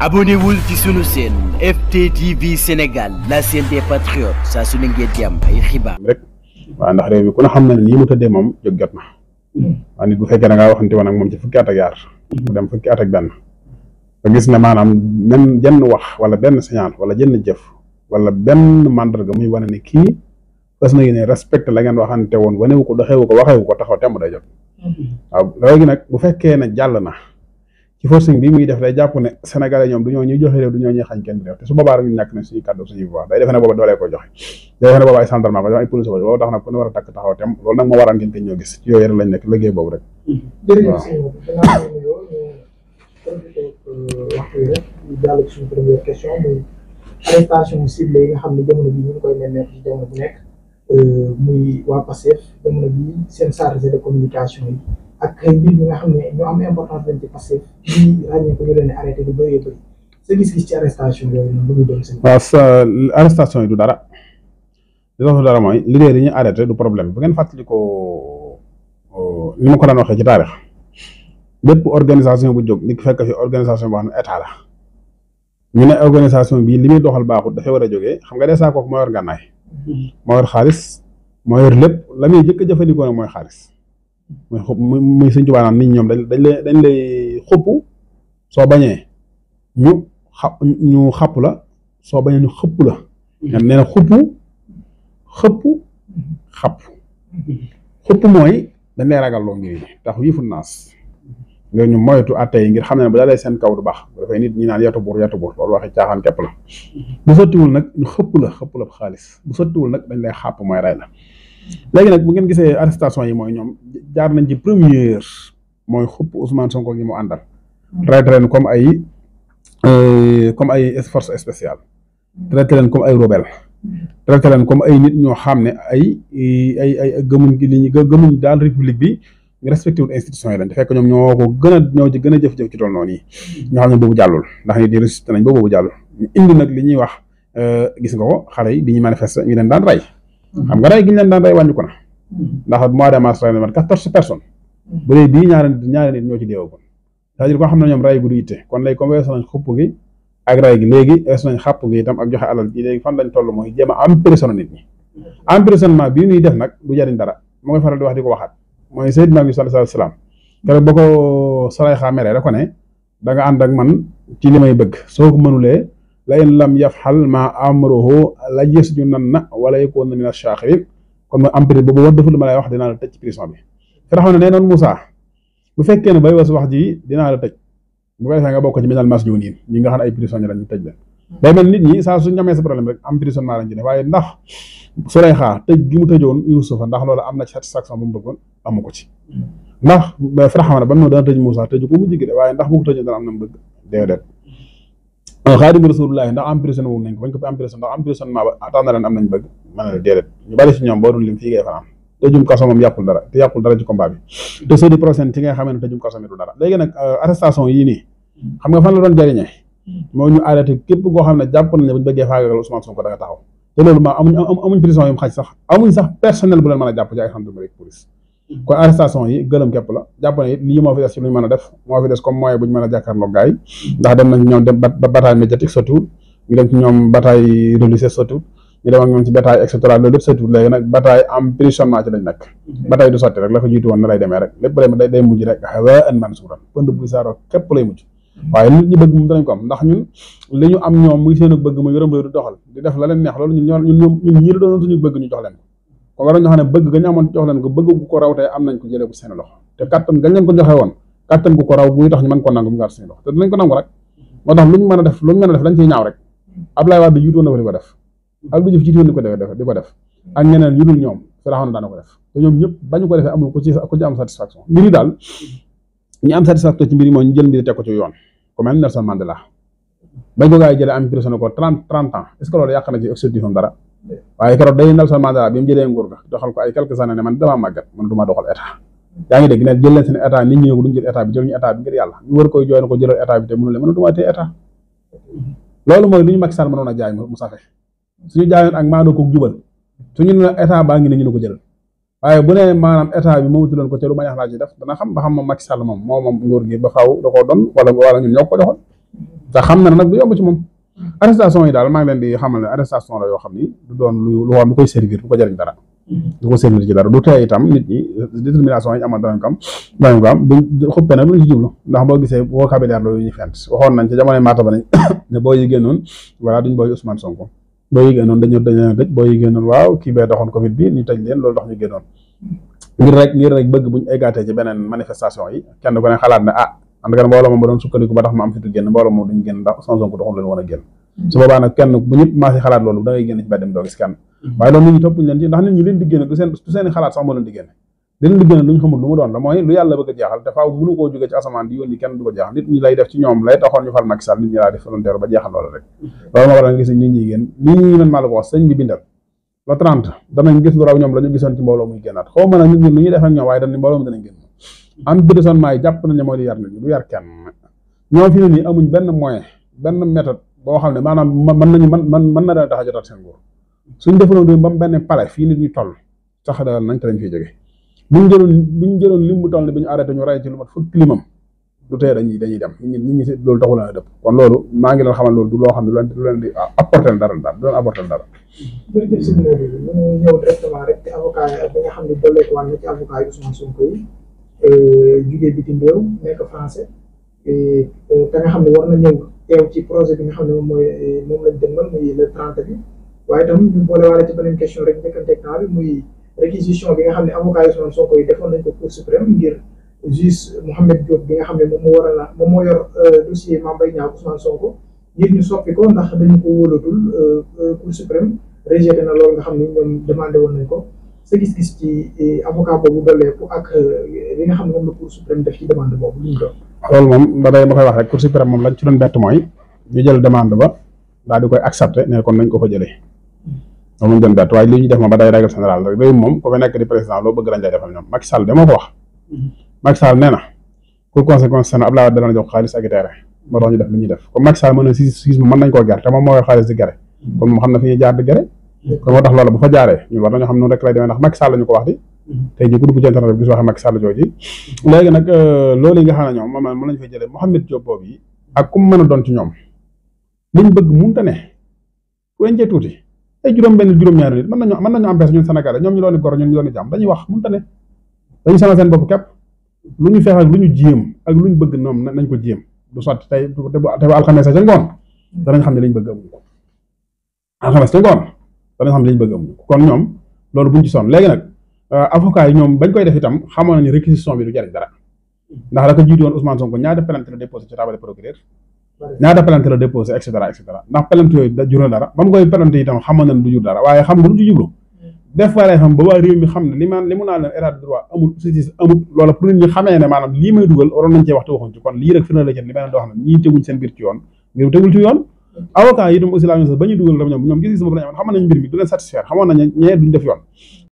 abonnez-vous ci sunu chaîne FTTV Sénégal la chaîne des patriotes saa su ne ngeen di am ay xibaar. rek waaw ndax réew mi ku xam na ne nii mu tëddee moom jóg jot na waaw nit bu fekkee da ngaa waxante woon ak moom ci fukki dem fukki at ak ba gis ne maanaam même jenn wax wala benn signal wala jenn jëf wala benn mandarga muy wane ne kii fas na ne respecté la ngeen waxante woon wanewu ko doxewu ko waxewu ko taxaw temb day jot. Mm-hmm. waaw léegi bu fekkee jàll na. ci forcing bi muy def day jàpp ne sénégalais ñoom du ñoo ñuy joxe réew du ñoo ñuy xañ kenn réew te su boobaa ñu ñàkk ne suñu kàddu suñu voix day defe ne booba doolee ko joxe day defe ne booba ay ne a takk taxaw tem loolu nag moo waral ngeen ko ñoo gis ci yooyu lañ nekk liggéey boobu rek ak ay arrestation yi du dara li tax du dara mooy leader yi ñu arrêté du problème bu ngeen fàttali ko ni ma ko daan waxee ci taarix bépp organisation bu jóg ni fekk fi organisation boo xam ne état la ñu ne organisation bii li muy doxal baaxut dafay war a jóge xam nga des saa kooku mm-hmm. moo yor gànnaay moo xaalis moo yor lépp la muy jëkk a jëfandikoo nag mooy xaalis. mooy xob mooy sëñ nit ñoom dañ dañ lay dañ lay soo bañee ñu xa ñu xàpp la soo bañee ñu xëpp la. nga nee na xupp xëpp xàpp mooy dañ lay ragal loo mbir yi tax yëfu naas. loolu ñu moytu àtte yi ngir xam ne bu lay seen kaw du baax bu defee nit ñi naan yatu buur yatu buur loolu waxi caaxaan képp la bu sottiwul nag ñu xëpp la xëpp la xaalis bu sottiwul nag dañ lay xàpp mooy rey la. léegi nag bu ngeen gisee arrestation yi mooy ñoom jaar nañ ci première mooy xupp Ousmane Sonko gi mu àndal. traité leen comme ay euh, comme ay force spéciale. traité leen comme ay rebelle. traité leen comme ay nit ñoo xam ne ay ay ay gëmuñ li ñu gëmuñ daal république bi respecté wul institution yi lañ fekk ñoom ñoo ko gën ñoo gën jëf-jëf ci tool noonu yi. ñoo xam ne boobu jàllul ndax nit ñi résisté nañ ba boobu jàllul ñu indi nag li ñuy wax euh, gis nga ko xale yi bi ñuy manifeste ñu leen daan rey. xam nga rey gi ñu leen daan rey wàññi na ndax mois de mars rey na man quatorze personnes bu dee bii ñaari nit ñoo ci deewagoon c'est-à-dire koo xam ne ñoom rey gu du itte kon léegi comme weesu nañ xupp gi ak léegi weesu nañ xàpp gi itam ak joxe alal léegi fan lañ toll mooy jéem a emprisonné nit ñi emprisonnement bii ñuy def nag du jariñ dara mu ngi faral di wax di ko waxaat mooy Seydina bi sallallahu alayhi wasallam keroog ba ko saray xaameree da ko ne da nga ànd ak man ci li may bëgg soo ko mënulee la in lam yafxal ma amruhu la gis na wala yakuna min ash-shakirin kon mooy emprise boobu lay wax dinaa la tëj ci prison bi Firawna ne nee fekkee ne bay was wax ji dinaa la tëj bu ko bokk ci minal ñi nga xam ne ay prisonniers lañu tëj la day mel nit ñi saa su ñamee sa problème rek emprisonnement lañ ci def waaye ndax Suleyxa loolu am na ci satisfaction bu mu bëggoon amu ko ci ndax Firawna ba tëj Moussa tëj ko mu jigi de waaye ndax bu ko tëjoon dana am na mu bëgg déedéet Ah, xaadimu rasulullahi ndax emprisonné wu nañ ko bañ ko fi emprisonné ndax am na ñu bari si ñoom boo lim fii ngay fanaan tëjum kaso moom yàqul dara te yàqul dara ci combat bi te soo di procent ci nga xamee ne tëjum kaso mi du dara léegi nag euh, arrestation yii xam nga fan la doon jariñee moo ñu arrêté képp koo ne jàpp nañ ne buñ bëggee faagagal Ousmane Sonko da nga taxaw te loolu maa amuñ amuñ prison yu mu sax amuñ sax personnel bu leen mën a jàpp ci ay xam ko arrestation yi gëlëm kep la jappal ne it lii fi def ci lu meuna def mo fi def comme moyen bu meuna mën a jàkkaarloo ndax dem nañ ñoom dem ba bataille médiatique sotu ñu dem ci ñoom bataille religieuse sotu ñu dem ak ñoom ci bataille et cetera loolu sotu surtout nak bataille am emprisonnement ci lañ nak mhm. bataille du sotti rek la ko jitu won na lay demee rek lepp lépp day day mujj rek wa an mansura suuran pënd bu saaro kep lay mujj mhm. waye nit ñi bëgg mu dañ ko am ndax ñun li ñu am ñoom muy seen bëgg mu yërem réew du doxal di def la leen neex lolu ñun ñun ñun ñii la doon suñu bëgg ñu dox leen ko waral ñoo xam ne bëgg ga ñu amoon jox leen ko bëgg gu ko raw tey am nañ ko jëlee ko seen loxo loxo te dinañ ko nangu rek a ko def Abdou ñëpp bañu ko defee amul ku ci am satisfaction mbir daal ñu am satisfaction ci mbir yi jël mbir teg ko ci yoon ku mel Nelson Mandela bañ ko gaa yi jëlee am prison ko trente trente ans yàq na ci exécutif dara waaye keroog day Nelson Mandela bi mu jëlee nguur ga doxal ko ay quelques années ne man damaa màggat man duma doxal état yaa ngi dégg ne jël leen ne état bi jël ñu état bi ngir yàlla ñu war koy jooy na ko jëlal état bi te mënu leen mënu duma état loolu mooy lu ñu Macky Sall mënoon a jaay mu safe suñu jaayoon ak maanoo ko jubal suñu ne état baa ngi ne ñu ne ko jëlal waaye bu ne maanaam état bi moomutu leen ko te lu ma ñax laa ci def xam ba xam moom Macky Sall moom moo moom nguur gi ba faaw da koo doon wala ko doxal te na nag du yomb arrestation yi daal maa ngi leen di xamal ne arrestation la yoo xam ni du doon lu lu xam bu koy servir bu ko jëriñ mm-hmm. dara du boo gisee vocabulaire la yu ñu fent waxoon nañ ci jamonoy maata ba nañ ne boo yi génnoon voilà duñ booy Ousmane Sonko boo yi kii bee doxoon Covid bi ñu tëj leen loolu tax ñu génnoon ngir rek ngir rek bëgg buñ ah, doon sukkandiku ba tax ma am fitu génn mbooloo moom duñ génn ndax Ousmane Sonko doxul leen woon a génn su kenn bu ñëpp maa xalaat loolu da génn ci bàddem doo gis kenn waaye loolu nit ñi nit ñi leen di a jeexal te nit ñi lay man maa la ko wax la 30 danañ gis lu raw ñoom la gisoon ci mbooloo muy génnaat xaw nag ñi lu ñuy ñoom waaye dañ ni mbooloo mi danañ génn am bidison maay jàpp nañ mooy di yar nit ñi yar kenn ñoom fi ne amuñ benn moyen benn méthode boo xam ne maanaam mën nañu man man mën na daa tax a jotaat seen nguur suñ defaloon du ba mu benn pale fii nit ñu toll sax daal nañ te lañ fiy jóge buñ jëloon buñ jëloon lim bu toll ne bi ñu arrêté ñu rey ci lu mat fukki limam du ñi dañuy dem nit ñi nit ñi si loolu a dëpp kon loolu maa ngi leen xamal loolu du loo xam ne lu leen lu leen di apporter dara dara du leen apporter dara. jërëjëf si biir bi ñu ñëw directement rek ci avocat bi nga xam ne dolleekuwaat na ci avocat yi Ousmane Sonko yi euh, jugee bitim réew nekk français euh, te nga xam ne war na teew ci projet bi nga xam ne moom mooy moom lañ dëgmal muy le 30 bi waaye itam ñu boolewaale ci beneen question rek njëkkanteeg temps bi muy réquisition bi nga xam ne avocat yi Ousmane Sonko yi defoon nañ ko cour suprême ngir juge Mouhamed Diop bi nga xam ne moom moo war la moom moo yor euh, dossier Mame Mbaye Niang Ousmane Sonko ngir ñu ko ndax dañu ko wóolatul euh, euh, cour na loolu nga xam ne ñoom demandé woon nañ ko sa gis-gis ci avocat boobu dooleeku ak li nga xam ne moom la cour suprême def ci demande boobu lu ñu doon loolu moom da day ma koy wax moom lañ ci doon bett mooy ñu jël demande ba daal di koy accepté ne kon nañ ko fa jëlee loolu moom doon li ñu def ma ba day moom ku fa nekk di président loo bëgg lañ lay defal ñoom Macky Sall de moo ko wax moo tax ñu def li ñuy nañ koo ger te moom moo xaalis di gere kon moom xam na fi ñuy jaar di gere kon moo tax loolu bu fa jaaree ñun war nañoo xam noonu rek lay demee ndax Macky Sall la ko wax di Mm-hmm. tey jii ku dugg ci internet bi gis wax Macky Sall jooji léegi nag euh, loolu yi nga xam ne ñoom moom la mën nañu fay jëlee Mouhamed Diop boobu yi ak ku mu mën a doon ci ñoom liñ bëgg mënta ne ku leen tuuti ay juróom-benn juróom-ñaari nit mën nañu mën nañu am bés ñun Sénégalais ñoom ñu doon gor ñun ñu doon jàmm dañuy wax mënta ne képp lu ñu feex ak ñu jéem ak lu ñu bëgg ñoom nañ ko jéem du sotti tey te bu alxames sa ngoon danañ xam ne liñ bëgg amuñu ko alxames sa ngoon danañ xam ne liñ bëgg amuñu kon ñoom loolu buñ ci sonn léegi nag Euh, avocat yi ñoom bañ koy def itam xamoon nañu réquisition bi du jariñ dara ndax la ko jiitu woon Ousmane Sonko ñaata plainte la na dara ba mu koy plainte itam xamoon nañ du jur dara rek firna yoon aussi la même chose ba dugal dam ñoom ñoom gis-gis boobu la ñu amoon xamoon nañ mbir mi du leen satisfaire xamoon nañ ñee duñ def yoon